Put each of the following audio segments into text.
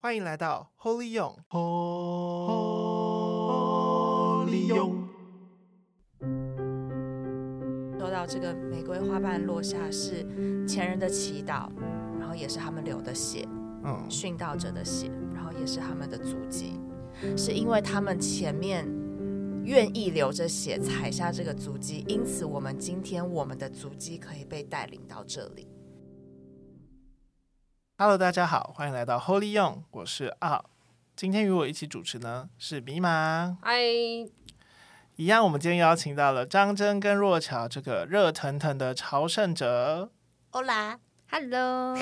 歡迎來到 Holy Yong、oh, Holy Yong。Holy Yong。說到這個玫瑰花瓣落下，是前人的祈禱，然後也是他們流的血，嗯，殉道者的血，然後也是他們的足跡，是因為他們前面願意流着血踩下這個足跡，因此我們今天我們的足跡可以被帶領到這裡。Hello，大家好，歡迎來到 Holy 勇，我是阿豪。今天與我一起主持呢是迷茫，哎 Hi，一樣。我們今天邀請到了張真跟若喬，這個熱騰騰的朝聖者。Hola，Hello。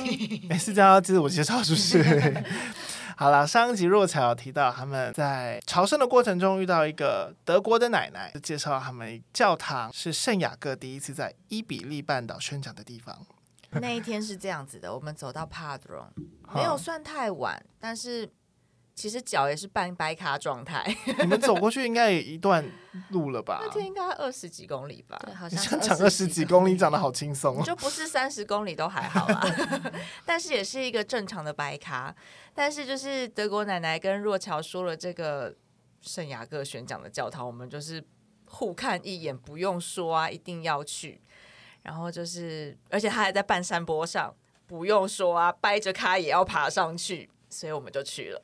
要自我，我介紹主持。 好了，上一集若喬提到他們在朝聖的過程中遇到一個德國的奶奶，介紹他們教堂是聖雅各第一次在伊比利半島宣講的地方。那一天是這樣子的，我們走到 Padron，沒有算太晚，嗯、但是其實腳也是半掰咖狀態。你們走過去應該也一段路了吧？ 那天應該二十幾公里吧？好像講個二十幾公里，講得好輕鬆，喔，就不是三十公里都還好啦。 但是也是一個正常的掰咖。但是就是德國奶奶跟若喬說了這個聖雅各宣講的教堂，我們就是互看一眼，不用說啊，一定要去。然後就是，而且他還在半山坡上，不用說啊，掰着開，也要爬上去，所以我們就去了。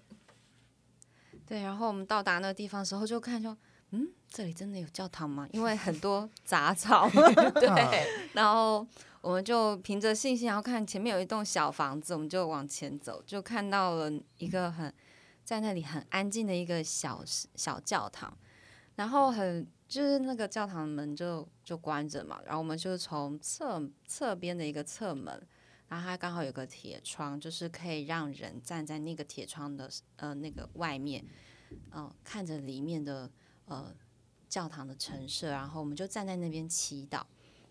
對，然後我們到達那個地方的時候，就看說嗯，這裡真的有教堂嗎？因為很多雜草。 對，然後我們就憑着信心，然後看前面有一棟小房子，我們就往前走，就看到了一個很在那裡很安靜的一個小小教堂，然後很。就是那個教堂門就就關着嘛，然後我們就從側側邊的一個側門，然後它剛好有個鐵窗，就是可以讓人站在那個鐵窗的呃那個外面，嗯、呃，看着裡面的呃教堂的陳設，然後我們就站在那邊祈禱。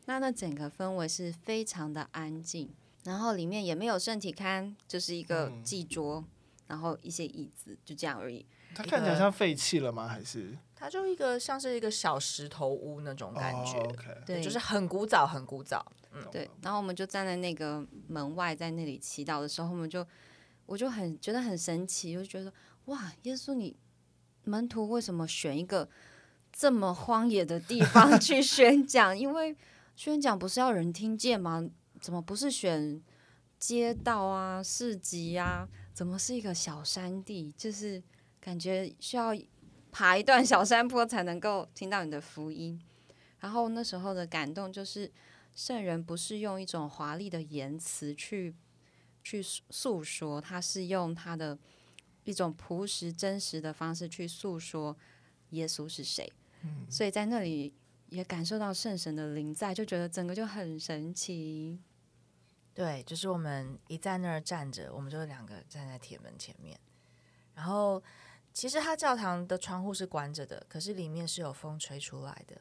那那整個氛圍是非常的安靜，然後裡面也沒有聖體龕，就是一個祭桌，嗯、然後一些椅子，就這樣而已。它看起來像廢棄了嗎？還是？它就一個像是一個小石頭屋那種感覺，Oh, okay. 對，就是很古早，很古早，嗯，對。然後我們就站在那個門外，在那裡祈禱的時候，我們就我就很覺得很神奇，就覺得哇，耶穌你門徒為什麼選一個這麼荒野的地方去宣講？ 因為宣講不是要人聽見嗎？怎麼不是選街道啊、市集啊？怎麼是一個小山地？就是感覺需要。爬一段小山坡才能夠聽到你的福音，然後那時候的感動就是聖人不是用一種華麗的言辭去去訴說，他是用他的一種樸實真實的方式去訴說耶穌是誰。嗯，所以在那裡也感受到聖神的臨在，就覺得整個就很神奇。對，就是我們一在那兒站着，我們就兩個站在鐵門前面，然後。其實他教堂的窗戶是關着的，可是裡面是有風吹出來的，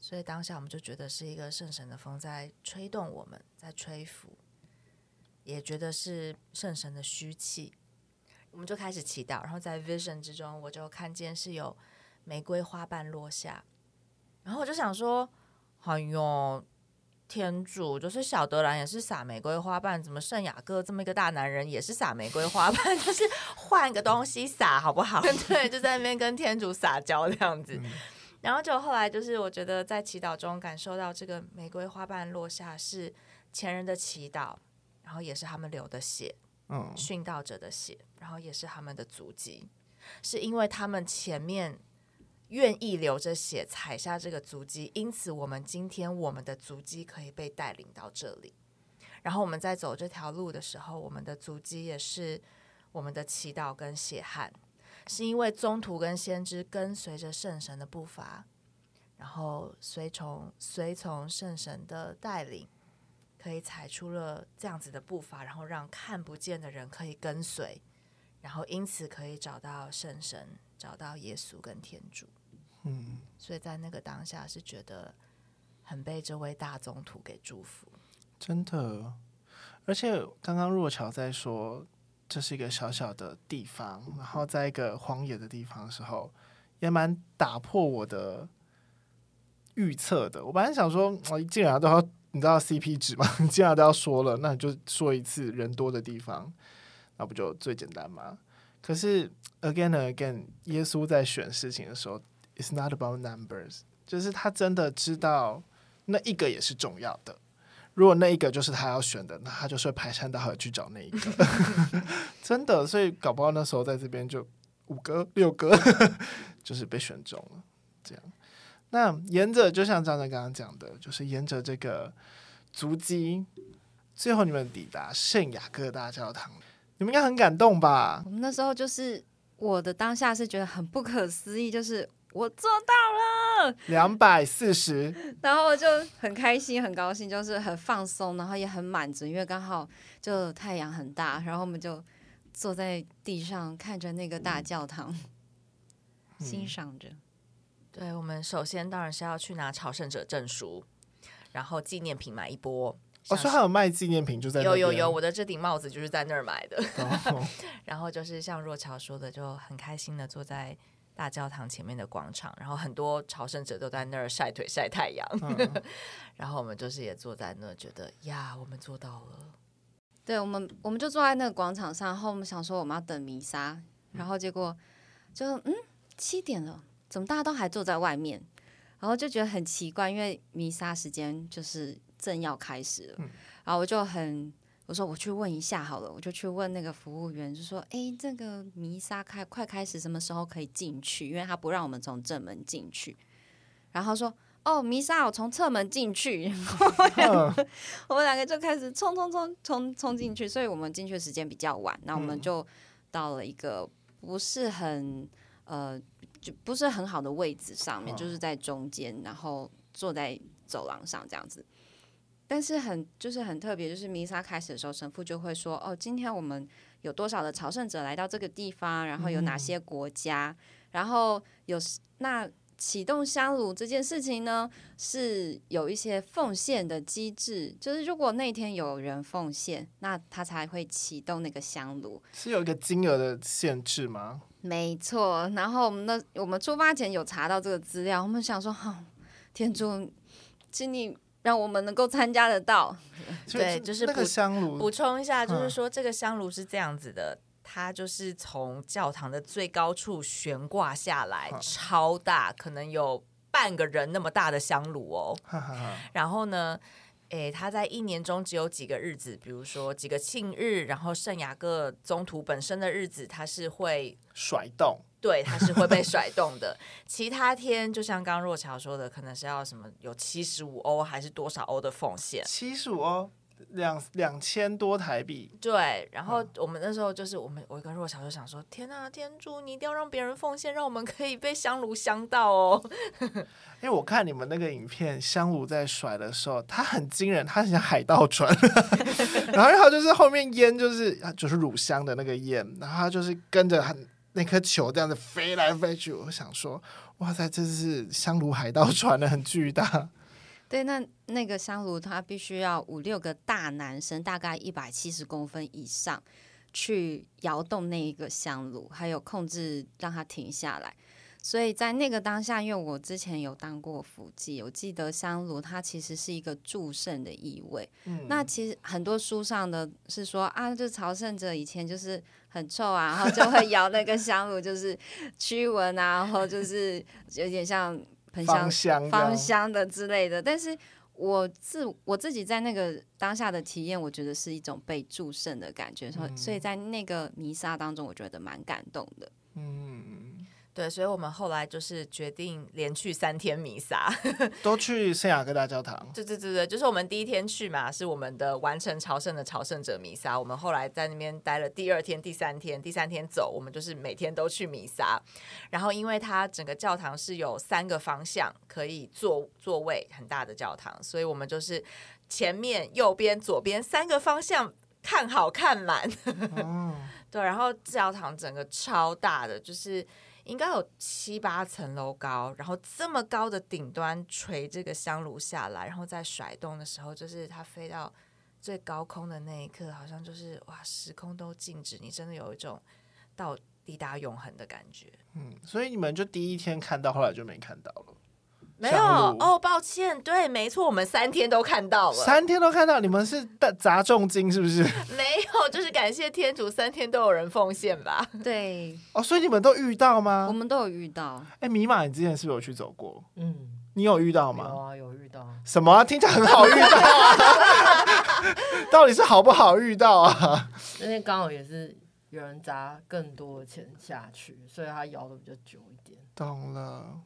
所以當下我們就覺得是一個聖神的風在吹動我們，在吹拂，也覺得是聖神的噓氣，我們就開始祈禱，然後在 vision 之中，我就看見是有玫瑰花瓣落下，然後我就想說，哎喲！天主就是小德蘭也是撒玫瑰花瓣，怎麼聖雅各這麼一個大男人也是撒玫瑰花瓣， 就是換個東西撒好不好？ 對，就在那邊跟天主撒嬌這樣子，然後就後來就是我覺得在祈禱中感受到這個玫瑰花瓣落下是前人的祈禱，然後也是他們流的血，嗯，殉道者的血，然後也是他們的足跡，是因為他們前面。願意流着血踩下這個足跡，因此我們今天我們的足跡可以被帶領到這裡。然後我們在走這條路的時候，我們的足跡也是我們的祈禱跟血汗，是因為宗徒跟先知跟隨着聖神的步伐，然後隨從隨從聖神的帶領，可以踩出了這樣子的步伐，然後讓看不見的人可以跟隨，然後因此可以找到聖神，找到耶穌跟天主。嗯，所以在那個當下是覺得很被這位大宗徒給祝福，真的。而且剛剛若喬在說這是一個小小的地方，然後在一個荒野的地方的時候，也蠻打破我的預測的。我本來想說，我既然都要你知道 CP 值嗎，你既然都要說了，那你就說一次人多的地方，那不就最簡單嗎？可是 again again，耶穌在選事情的時候。It's not about numbers，就是他真的知道那一個也是重要的。如果那一個就是他要選的，那他就是會排山倒海去找那一個。 真的，所以搞不好那時候在這邊就五個、六個， 就是被選中了。這樣，那沿着就像張哲剛剛講的，就是沿着這個足跡，最後你們抵達聖雅各大教堂，你們應該很感動吧？我們那時候就是我的當下是覺得很不可思議，就是。我做到了，兩百四十，然後就很開心，很高興，就是很放鬆，然後也很滿足，因為剛好就太陽很大，然後我們就坐在地上看着那個大教堂，嗯、欣賞着。對，我們首先當然是要去拿朝聖者證書，然後紀念品買一波。哦，所以還有賣紀念品就在那、啊、有有有，我的這頂帽子就是在那兒買的。Oh. 然後就是像若喬說的，就很開心的坐在。大教堂前面的廣場，然後很多朝聖者都在那兒曬腿曬太陽、嗯呵呵，然後我們就是也坐在那兒，覺得呀，我們做到了。對，我們我們就坐在那個廣場上，然後我們想說我們要等彌撒，然後結果就嗯，嗯七點了，怎麼大家都還坐在外面？然後就覺得很奇怪，因為彌撒時間就是正要開始了，嗯、然後我就很。我說我去問一下好了，我就去問那個服務員，就說：“哎，這個彌撒開快開始，什麼時候可以進去？”因為他不讓我們從正門進去，然後說：“哦，彌撒，我從側門進去。 我”我們兩個就開始衝衝衝衝衝，衝進去，所以我們進去的時間比較晚。那我們就到了一個不是很呃就不是很好的位置上面，嗯、就是在中間，然後坐在走廊上這樣子。但是很就是很特別，就是彌撒開始的時候，神父就會說：“哦，今天我們有多少的朝聖者來到這個地方，然後有哪些國家，嗯、然後有那啟動香爐這件事情呢，是有一些奉獻的機制，就是如果那天有人奉獻，那他才會啟動那個香爐。是有一個金額的限制嗎？沒錯。然後我們的我們出發前有查到這個資料，我們想說，好、哦，天主，請你。”讓我們能夠參加得到，就對，就是那個香爐補充一下，就是說這個香爐是這樣子的，嗯、它就是從教堂的最高處懸掛下來，嗯、超大，可能有半個人那麼大的香爐哦。嗯、然後呢，誒、欸，它在一年中只有幾個日子，比如說幾個慶日，然後聖雅各宗徒本身的日子，它是會甩動。對，它是會被甩動的。 其他天就像剛若喬說的，可能是要什麼有七十五歐還是多少歐的奉獻？七十五歐，兩兩千多台幣。對，然後我們那時候就是我們，我跟若喬就想說：嗯、天啊，天主，你一定要讓別人奉獻，讓我們可以被香爐香到哦。 因為我看你們那個影片，香爐在甩的時候，它很驚人，它很像海盜船。 然後它就是後面煙，就是就是乳香的那個煙，然後他就是跟着很。那顆球這樣子飛來飛去，我想說，哇塞，這是香爐海盜船的很巨大。對，那那個香爐，它必須要五六個大男生，大概一百七十公分以上，去搖動那一個香爐，還有控制讓它停下來。所以在那個當下，因為我之前有當過輔祭，我記得香爐它其實是一個祝聖的意味。嗯，那其實很多書上的是說啊，就朝聖者以前就是。很臭啊，然後就會搖那個香爐， 就是驅蚊啊，然後就是有點像噴香，芳香、芳香的之類的。但是我自我自己在那個當下的體驗，我覺得是一種被祝聖的感覺，所以、嗯、所以在那個彌撒當中，我覺得蠻感動的。嗯。對，所以我們後來就是決定連續三天彌撒， 都去聖雅各大教堂。對對對對，就是我們第一天去嘛，是我們的完成朝聖的朝聖者彌撒。我們後來在那邊待了第二天、第三天，第三天走。我們就是每天都去彌撒。然後因為它整個教堂是有三個方向可以坐座位，很大的教堂，所以我們就是前面、右邊、左邊三個方向看好看滿。 哦、對，然後教堂整個超大的，就是。應該有七八層樓高，然後這麼高的頂端垂這個香爐下來，然後再甩動的時候，就是它飛到最高空的那一刻，好像就是哇，時空都靜止，你真的有一種到抵達永恆的感覺。嗯，所以你們就第一天看到，後來就沒看到了。沒有路哦，抱歉，對，沒錯，我們三天都看到了，三天都看到，你們是砸重金是不是？沒有，就是感謝天主，三天都有人奉獻吧。對，哦，所以你們都遇到嗎？我們都有遇到。哎、欸，密碼，你之前是不是有去走過？嗯，你有遇到嗎？有啊，有遇到。什麼、啊？聽起來很好遇到啊？ 到底是好不好遇到啊？那天剛好也是有人砸更多的錢下去，所以他搖的比較久一點。懂了。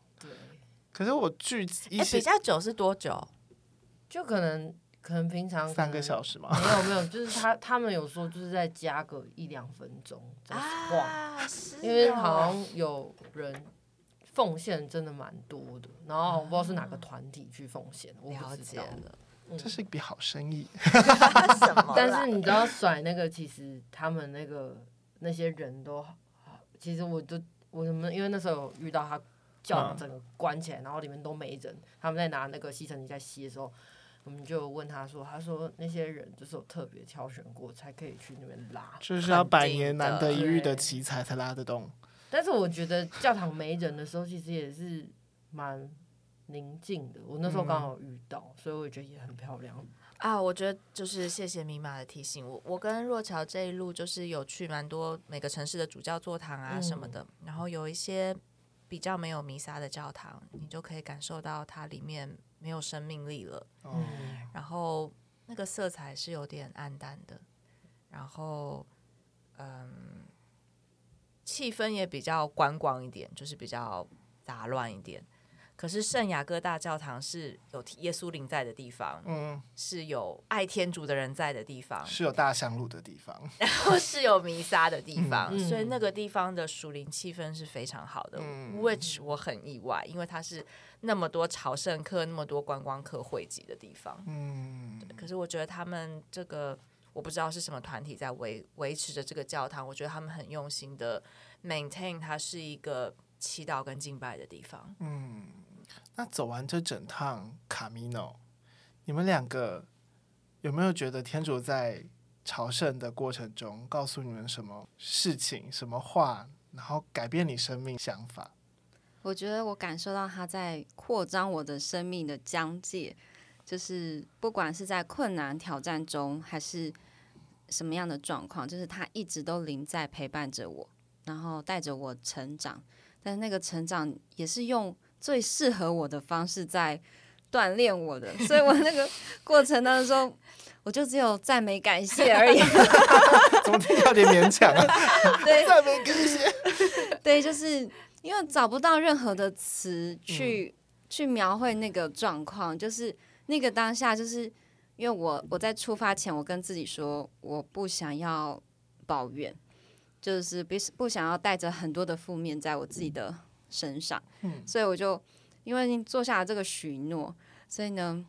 可是我聚一下、欸，比較久是多久？就可能可能平常三個小時吧。沒有沒有，就是他他們有說，就是再加個一兩分鐘再晃，啊、是因為好像有人奉獻真的蠻多的，然後我不知道是哪個團體去奉獻。嗯、我不知道了，了解嗯、這是一筆好生意。 但是你知道甩那個，其實他們那個那些人都，其實我就我什麼，因為那時候有遇到他。教堂整個關起來，然後裡面都沒人。他們在拿那個吸塵器在吸的時候，我們就問他說：“他說那些人就是有特別挑選過，才可以去那邊拉，就是要百年難得一遇的奇才才拉得動。對”但是我覺得教堂沒人的時候，其實也是蠻寧靜的。我那時候剛好遇到，嗯、所以我覺得也很漂亮啊。我覺得就是謝謝米媽的提醒。我我跟若喬這一路就是有去蠻多每個城市的主教座堂啊什麼的，嗯、然後有一些。比較沒有彌撒的教堂，你就可以感受到它裡面沒有生命力了。Oh. 然後那個色彩是有點暗淡的，然後嗯，氣氛也比較觀光一點，就是比較雜亂一點。可是聖雅各大教堂是有耶穌靈在的地方，嗯，是有愛天主的人在的地方，是有大香爐的地方， 然後是有彌撒的地方，嗯嗯、所以那個地方的屬靈氣氛是非常好的，嗯，which 我很意外，嗯、因為它是那麼多朝聖客，那麼多觀光客匯集的地方，嗯，對，可是我覺得他們這個我不知道是什麼團體在維維持着這個教堂，我覺得他們很用心的 maintain 它是一個祈禱跟敬拜的地方，嗯。那走完這整趟卡米諾，ino，你們兩個有沒有覺得天主在朝聖的過程中告訴你們什麼事情，什麼話，然後改變你生命想法？我覺得我感受到他在擴張我的生命的疆界，就是不管是在困難挑戰中，還是什麼樣的狀況，就是他一直都臨在陪伴着我，然後帶着我成長。但是那個成長也是用。最適合我的方式在鍛鍊我的，所以我那個過程當中，我就只有讚美感謝而已。怎麼聽到有點勉強？ 對，讚美感謝。對，就是因為找不到任何的詞去、嗯、去描繪那個狀況，就是那個當下，就是因為我我在出發前，我跟自己說，我不想要抱怨，就是不不想要帶着很多的負面在我自己的。嗯身上，嗯，所以我就因為做下了這個許諾，所以呢，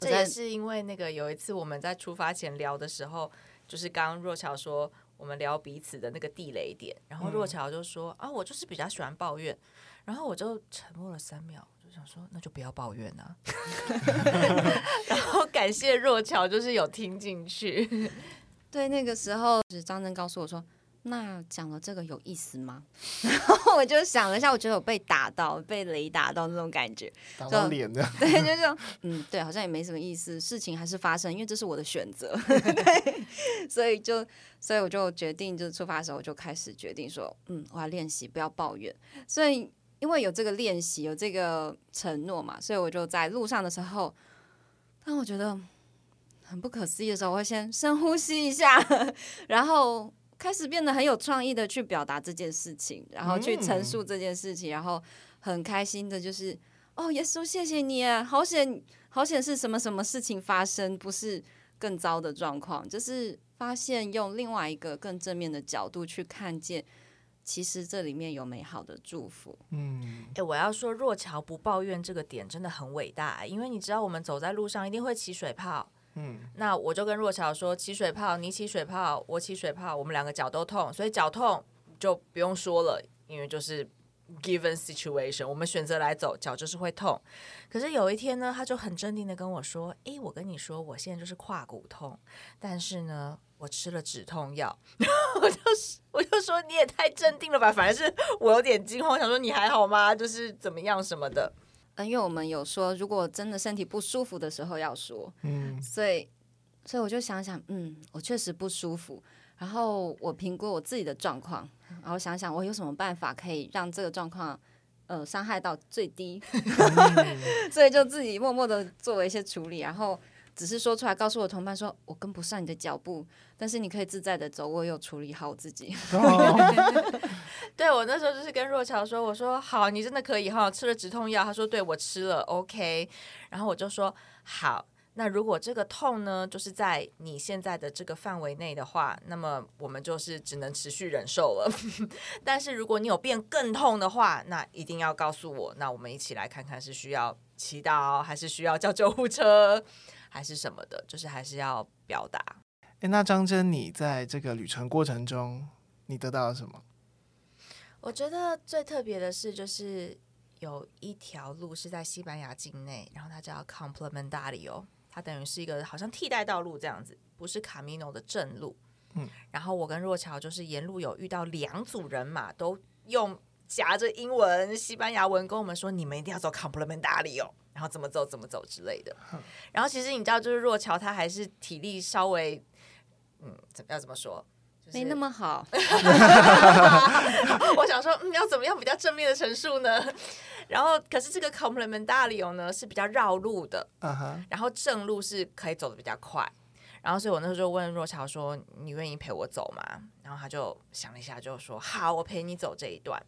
這也是因為那個有一次我們在出發前聊的時候，就是剛剛若喬說我們聊彼此的那個地雷點，然後若喬就說、嗯、啊，我就是比較喜歡抱怨，然後我就沉默了三秒，我就想說那就不要抱怨啊， 然後感謝若喬就是有聽進去， 對，那個時候是張真告訴我說。那講了這個有意思嗎？然後我就想了一下，我覺得我被打到，被雷打到那種感覺，打到臉的。對，就是嗯，對，好像也沒什麼意思，事情還是發生，因為這是我的選擇， 對，所以就，所以我就決定，就是出發的時候我就開始決定說，嗯，我要練習，不要抱怨。所以因為有這個練習，有這個承諾嘛，所以我就在路上的時候，當我覺得很不可思議的時候，我會先深呼吸一下，然後。開始變得很有創意的去表達這件事情，然後去陳述這件事情，嗯、然後很開心的就是，哦，耶穌謝謝你，啊。好險，好險是什麼什麼事情發生，不是更糟的狀況，就是發現用另外一個更正面的角度去看見，其實這裡面有美好的祝福。嗯，哎、欸，我要說若喬不抱怨這個點真的很偉大，因為你知道我們走在路上一定會起水泡。嗯，那我就跟若喬說起水泡，你起水泡，起水泡，我起水泡，我們兩個腳都痛，所以腳痛就不用說了，因為就是 given situation，我們選擇來走，腳就是會痛。可是有一天呢，他就很鎮定的跟我說，哎，我跟你說，我現在就是胯骨痛，但是呢，我吃了止痛藥。然 後我就是，我就說你也太鎮定了吧，反而是我有點驚慌，想說你還好嗎？就是怎麼樣什麼的。因為我們有說，如果真的身體不舒服的時候要說，嗯，所以，所以我就想想，嗯，我確實不舒服，然後我評估我自己的狀況，然後想想我有什麼辦法可以讓這個狀況，呃，傷害到最低， 所以就自己默默的做了一些處理，然後。只是說出來，告訴我同伴說，我跟不上你的腳步，但是你可以自在地走，我有處理好我自己。No. 對，我那時候就是跟若喬說，我說好，你真的可以哈，吃了止痛藥。他說對我吃了，OK。然後我就說好，那如果這個痛呢，就是在你現在的這個範圍內的話，那麼我們就是只能持續忍受了。 但是如果你有變更痛的話，那一定要告訴我，那我們一起來看看是需要祈禱還是需要叫救護車。還是什麼的，就是還是要表達。誒、欸,那張真，你在這個旅程過程中，你得到了什麼？我覺得最特別的是，就是有一條路是在西班牙境內，然後它叫 Complementario，它等於是一個好像替代道路這樣子，不是卡米諾的正路。嗯，然後我跟若喬就是沿路有遇到兩組人馬，都用，夾着英文、西班牙文跟我們說：“你們一定要走 c o m p l e m e n t a r i 然後怎麼走怎麼走之類的。嗯”然後其實你知道，就是若橋他還是體力稍微，嗯，怎麼要怎麼說？就是、沒那麼好。我想說、嗯，要怎麼樣比較正面的陳述呢？然後，可是這個 c o m p l e m e n t a r i 呢是比較繞路的，uh huh. 然後正路是可以走的比較快。然後，所以我那時候問若橋說：“你願意陪我走嗎？”然後他就想了一下，就說：“好，我陪你走這一段。”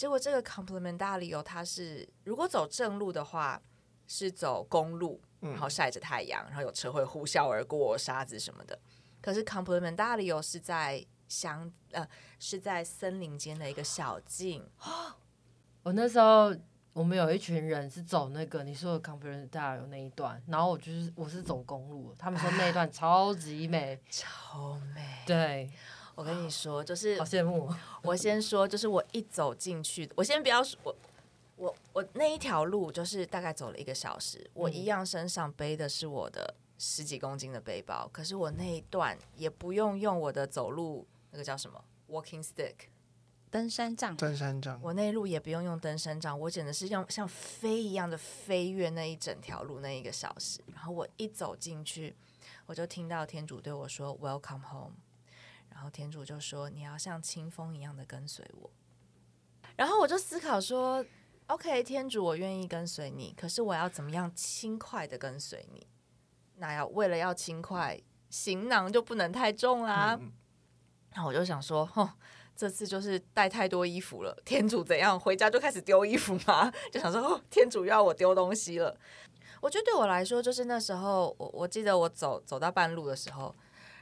結果這個 complementario 它是如果走正路的話是走公路，然後曬着太陽，然後有車會呼嘯而過，沙子什麼的。可是 complementario 是在鄉呃是在森林間的一個小徑哦。我那時候我們有一群人是走那個你說的 complementario 那一段，然後我就是我是走公路，他們說那一段超級美，啊、超美，對。我跟你說，oh, 就是好羨慕。我先說，就是我一走進去，我先不要說，我我，我那一條路就是大概走了一個小時。我一樣身上背的是我的十幾公斤的背包，嗯、可是我那一段也不用用我的走路那個叫什麼 walking stick 登山杖、登山杖。我那一路也不用用登山杖，我簡直是用像飛一樣的飛躍那一整條路那一個小時。然後我一走進去，我就聽到天主對我說 welcome home。然後天主就說：“你要像清風一樣的跟隨我。”然後我就思考說：“OK，天主，我願意跟隨你。可是我要怎麼樣輕快的跟隨你？那要為了要輕快，行囊就不能太重啦，啊。嗯嗯。然後我就想說：“哼，這次就是帶太多衣服了。天主怎樣？回家就開始丟衣服嗎？就想說，哼，天主要我丟東西了。我覺得對我來說，就是那時候，我我記得我走走到半路的時候，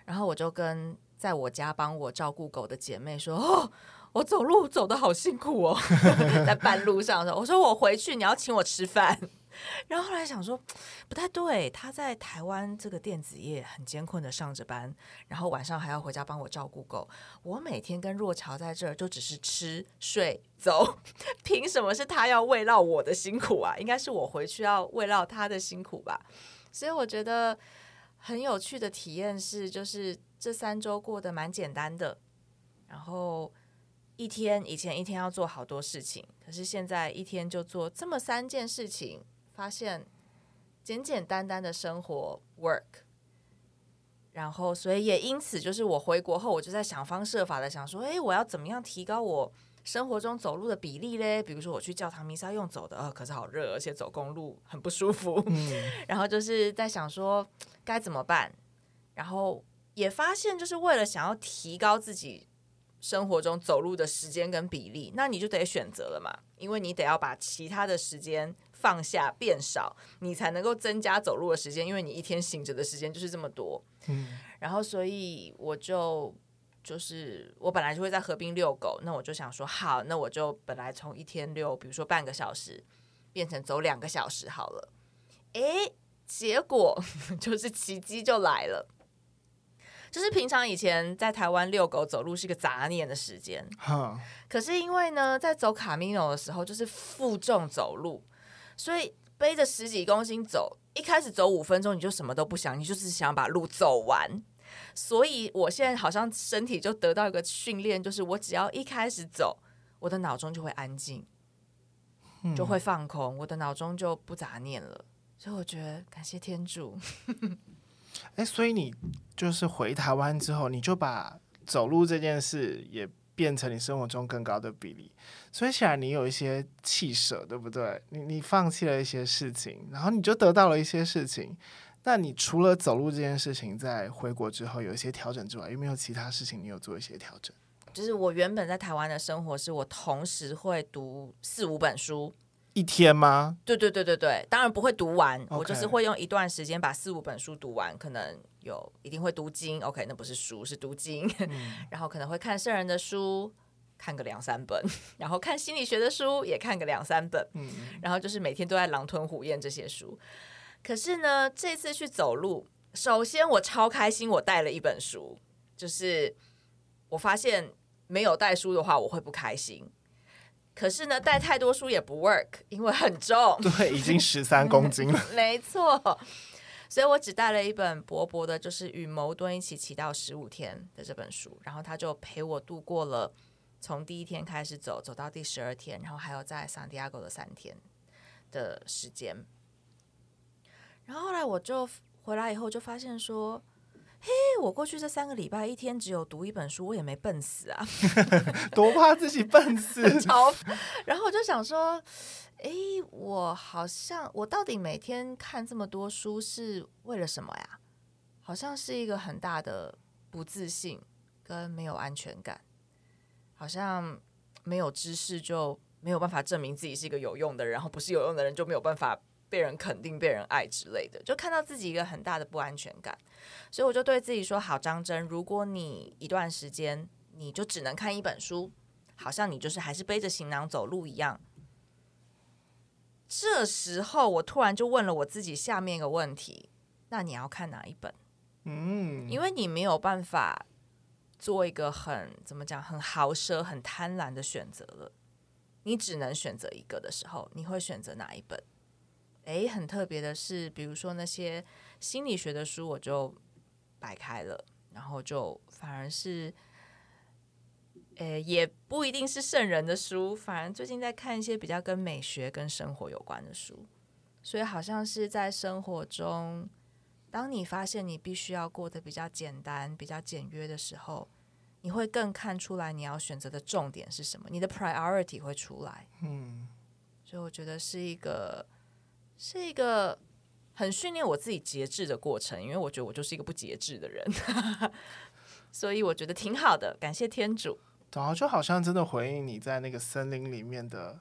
然後我就跟。”在我家幫我照顧狗的姐妹說：“哦，我走路走得好辛苦哦，在半路上說，我說我回去你要請我吃飯。”然後後來想說不太對，她在台灣這個電子業很艱困的上着班，然後晚上還要回家幫我照顧狗。我每天跟若喬在這兒就只是吃睡走，憑什麼是她要慰勞我的辛苦啊？應該是我回去要慰勞她的辛苦吧。所以我覺得很有趣的體驗是，就是。這三周過得蠻簡單的，然後一天以前一天要做好多事情，可是現在一天就做這麼三件事情，發現簡簡單單單的生活 work。然後，所以也因此，就是我回國後，我就在想方設法的想說，誒、欸，我要怎麼樣提高我生活中走路的比例嘞？比如說我去教堂彌撒用走的，呃、哦，可是好熱，而且走公路很不舒服。嗯、然後就是在想說該怎麼辦，然後。也發現，就是為了想要提高自己生活中走路的時間跟比例，那你就得選擇了嘛，因為你得要把其他的時間放下變少，你才能夠增加走路的時間，因為你一天醒着的時間就是這麼多。嗯，然後所以我就就是我本來就會在河邊遛狗，那我就想說好，那我就本來從一天遛，比如說半個小時，變成走兩個小時好了。誒，結果就是奇蹟就來了。就是平常以前在台灣遛狗，走路是一個雜念的時間，Huh. 可是因為呢，在走卡米諾的時候，就是負重走路，所以背着十幾公斤走，一開始走五分鐘你就什麼都不想，你就是想把路走完。所以我現在好像身體就得到一個訓練，就是我只要一開始走，我的腦中就會安靜，嗯、就會放空，我的腦中就不雜念了。所以我覺得感謝天主。 誒、欸，所以你就是回台灣之後，你就把走路這件事也變成你生活中更高的比例。所以顯然你有一些棄舍，對不對？你你放棄了一些事情，然後你就得到了一些事情。那你除了走路這件事情，在回國之後有一些調整之外，有沒有其他事情你有做一些調整？就是我原本在台灣的生活，是我同時會讀四五本書。一天嗎？對對對對對，當然不會讀完，Okay. 我就是會用一段時間把四五本書讀完，可能有一定會讀經，OK，那不是書是讀經， 嗯、然後可能會看聖人的書，看個兩三本，然後看心理學的書也看個兩三本，嗯、然後就是每天都在狼吞虎嚥這些書。可是呢，這次去走路，首先我超開心，我帶了一本書，就是我發現沒有帶書的話，我會不開心。可是呢，帶太多書也不 work，因為很重。對，已經十三公斤了。 嗯、沒錯，所以我只帶了一本薄薄的，就是與牟敦一起祈禱十五天的這本書，然後他就陪我度過了從第一天開始走，走到第十二天，然後還有在 Santiago 的三天的時間。然後後來我就回來以後就發現說。嘿，我過去這三個禮拜一天只有讀一本書，我也沒笨死啊，多怕自己笨死。然後我就想說，哎、欸，我好像我到底每天看這麼多書是為了什麼呀？好像是一個很大的不自信跟沒有安全感，好像沒有知識就沒有辦法證明自己是一個有用的人，然後不是有用的人就沒有辦法。被人肯定、被人愛之類的，就看到自己一個很大的不安全感，所以我就對自己說：“好，張真，如果你一段時間你就只能看一本書，好像你就是還是背着行囊走路一樣。”這時候，我突然就問了我自己下面一個問題：“那你要看哪一本？”嗯，因為你沒有辦法做一個很，怎麼講，很豪奢、很貪婪的選擇了，你只能選擇一個的時候，你會選擇哪一本？誒，很特別的是，比如說那些心理學的書，我就擺開了，然後就反而是，誒，也不一定是聖人的書，反而最近在看一些比較跟美學、跟生活有關的書，所以好像是在生活中，當你發現你必須要過得比較簡單、比較簡約的時候，你會更看出來你要選擇的重點是什麼，你的 priority 會出來。嗯，所以我覺得是一個。是一個很訓練我自己節制的過程，因為我覺得我就是一個不節制的人， 所以我覺得挺好的，感謝天主。然後就好像真的回應你在那個森林裡面的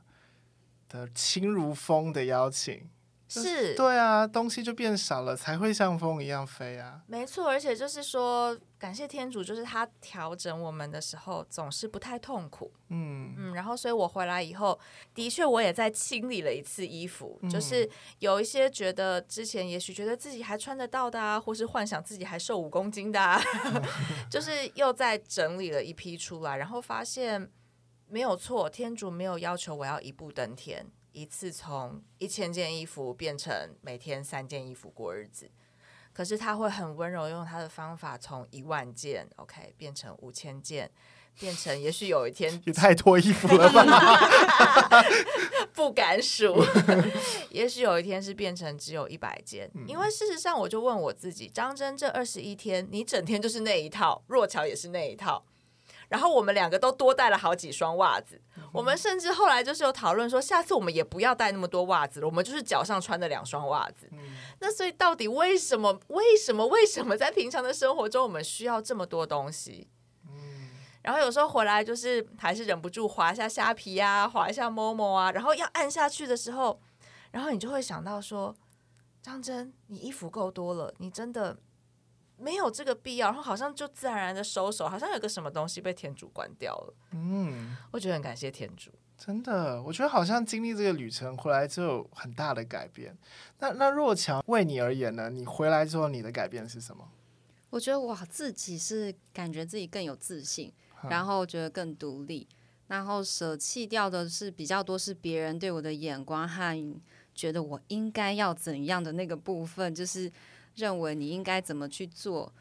的輕如風的邀請，是對啊，東西就變少了，才會像風一樣飛啊，沒錯，而且就是說。感謝天主，就是他調整我們的時候總是不太痛苦。嗯嗯，然後所以我回來以後，的確我也再清理了一次衣服，嗯、就是有一些覺得之前也許覺得自己還穿得到的啊，或是幻想自己還瘦五公斤的、啊， 就是又再整理了一批出來，然後發現沒有錯，天主沒有要求我要一步登天，一次從一千件衣服變成每天三件衣服過日子。可是他會很溫柔，用他的方法從一萬件 OK 變成五千件，變成也許有一天也太多衣服了吧， 不敢數。 也許有一天是變成只有一百件，嗯、因為事實上我就問我自己，張真，這二十一天你整天就是那一套，若橋也是那一套。然後我們兩個都多帶了好幾雙襪子，嗯、哼我們甚至後來就是有討論說，下次我們也不要帶那麼多襪子了，我們就是腳上穿的兩雙襪子。嗯、那所以到底為什麼？為什麼？為什麼在平常的生活中我們需要這麼多東西？嗯，然後有時候回來就是還是忍不住滑一下蝦皮呀、啊，滑一下 momo 啊，然後要按下去的時候，然後你就會想到說，張真，你衣服夠多了，你真的。沒有這個必要，然後好像就自然而然的收手，好像有個什麼東西被天主關掉了。嗯，我覺得很感謝天主，真的，我覺得好像經歷這個旅程回來之後有很大的改變。那那若強，為你而言呢？你回來之後你的改變是什麼？我覺得我自己是感覺自己更有自信，嗯、然後覺得更獨立，然後捨棄掉的是比較多是別人對我的眼光和覺得我應該要怎樣的那個部分，就是。認為你應該怎麼去做，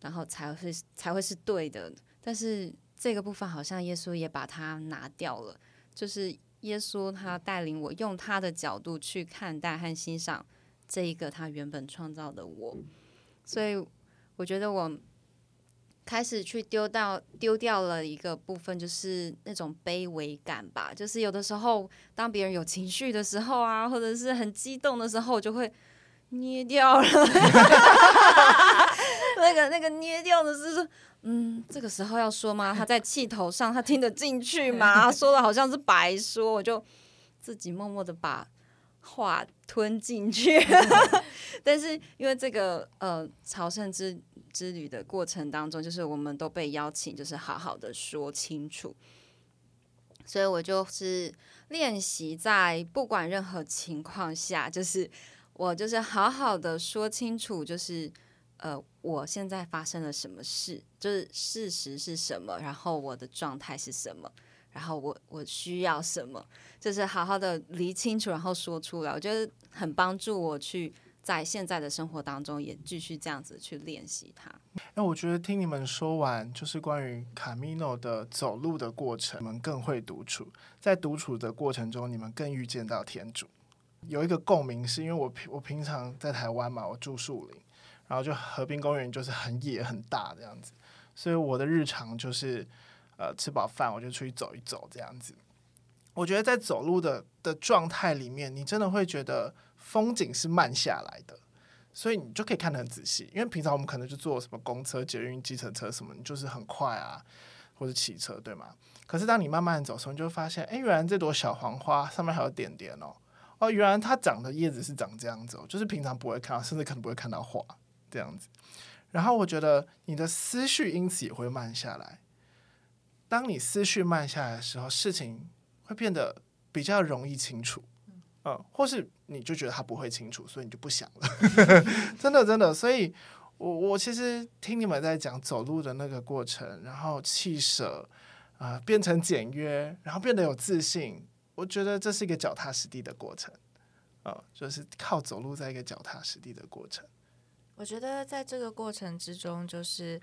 然後才會才會是對的。但是這個部分好像耶穌也把它拿掉了。就是耶穌他帶領我用他的角度去看待和欣賞這一個他原本創造的我。所以我覺得我開始去丟到丟掉了一個部分，就是那種卑微感吧。就是有的時候當別人有情緒的時候啊，或者是很激動的時候，我就會捏掉了， 那個那個捏掉的是說，嗯，這個時候要說嗎？他在氣頭上，他聽得進去嗎？對說的好像是白說，我就自己默默的把話吞進去。 但是因為這個呃，朝聖之之旅的過程當中，就是我們都被邀請，就是好好的說清楚，所以我就是練習在不管任何情況下，就是。我就是好好的說清楚，就是呃，我現在發生了什麼事，就是事實是什麼，然後我的狀態是什麼，然後我我需要什麼，就是好好的理清楚，然後說出來。我覺得很幫助我去在現在的生活當中也繼續這樣子去練習它。那我覺得聽你們說完，就是關於卡米諾的走路的過程，你們更會獨處，在獨處的過程中，你們更遇見到天主。有一個共鳴是因為我平我平常在台灣嘛，我住樹林，然後就河濱公園就是很野很大這樣子，所以我的日常就是呃吃飽飯我就出去走一走這樣子。我覺得在走路的的狀態裡面，你真的會覺得風景是慢下來的，所以你就可以看得很仔細。因為平常我們可能就坐什麼公車、捷運、計程車什麼，就是很快啊，或者騎車對嗎？可是當你慢慢走的時候，你就會發現，哎、欸，原來這朵小黃花上面還有點點哦、喔。原來它長的葉子是長這樣子哦，就是平常不會看到，甚至可能不會看到花這樣子。然後我覺得你的思緒因此也會慢下來。當你思緒慢下來的時候，事情會變得比較容易清楚，呃，或是你就覺得它不會清楚，所以你就不想了。 真的，真的。所以我，我我其實聽你們在講走路的那個過程，然後棄捨，啊、呃，變成簡約，然後變得有自信。我覺得這是一個腳踏實地的過程，啊、哦，就是靠走路在一個腳踏實地的過程。我覺得在這個過程之中，就是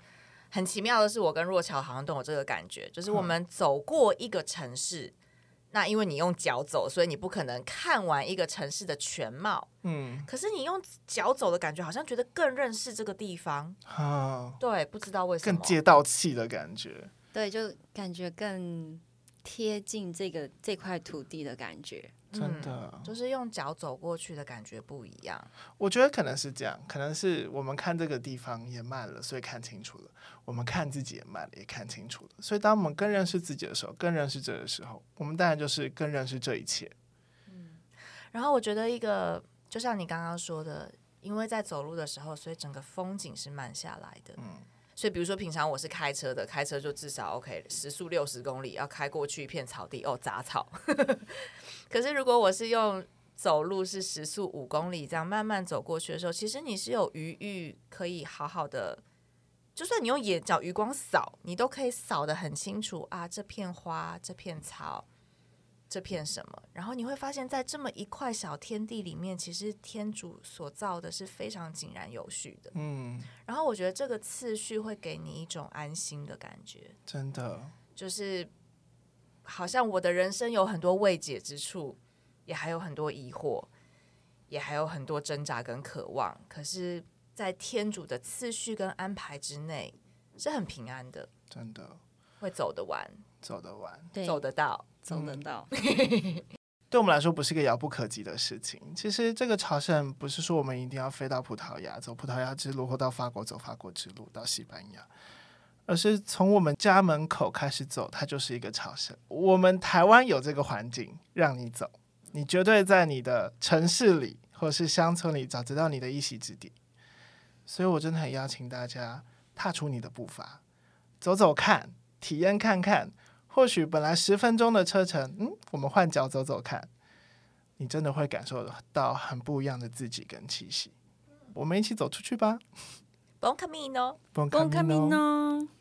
很奇妙的是，我跟若橋好像都有這個感覺，就是我們走過一個城市，哼那因為你用腳走，所以你不可能看完一個城市的全貌，嗯，可是你用腳走的感覺，好像覺得更認識這個地方，哼對，不知道為什麼，更接地氣的感覺，對，就感覺更。貼近這個這塊土地的感覺，真的、嗯、就是用腳走過去的感覺不一樣。我覺得可能是這樣，可能是我們看這個地方也慢了，所以看清楚了；我們看自己也慢了，也看清楚了。所以，當我們更認識自己的時候，更認識這的時候，我們當然就是更認識這一切。嗯，然後我覺得一個就像你剛剛說的，因為在走路的時候，所以整個風景是慢下來的。嗯。所以比如說，平常我是開車的，開車就至少 OK，時速六十公里，要開過去一片草地哦，雜草。 可是如果我是用走路，是時速五公里，這樣慢慢走過去的時候，其實你是有餘裕可以好好的，就算你用眼角餘光掃，你都可以掃得很清楚啊，這片花，這片草。這片什麼？然後你會發現在這麼一塊小天地裡面，其實天主所造的是非常井然有序的。嗯，然後我覺得這個次序會給你一種安心的感覺。真的，就是好像我的人生有很多未解之處，也還有很多疑惑，也還有很多掙扎跟渴望。可是，在天主的次序跟安排之內，是很平安的。真的會走得完。走得完，對走得到，嗯、走得到， 對我們來說不是一個遙不可及的事情。其實，這個朝聖不是說我們一定要飛到葡萄牙，走葡萄牙之路，或到法國走法國之路，到西班牙，而是從我們家門口開始走，它就是一個朝聖。我們台灣有這個環境讓你走，你絕對在你的城市裡或是鄉村裡找得到你的一席之地。所以，我真的很邀請大家踏出你的步伐，走走看，體驗看看。或許本來十分鐘的車程，嗯，我們換腳走走看，你真的會感受到很不一樣的自己跟氣息。我們一起走出去吧，Bon Camino. Bon Camino.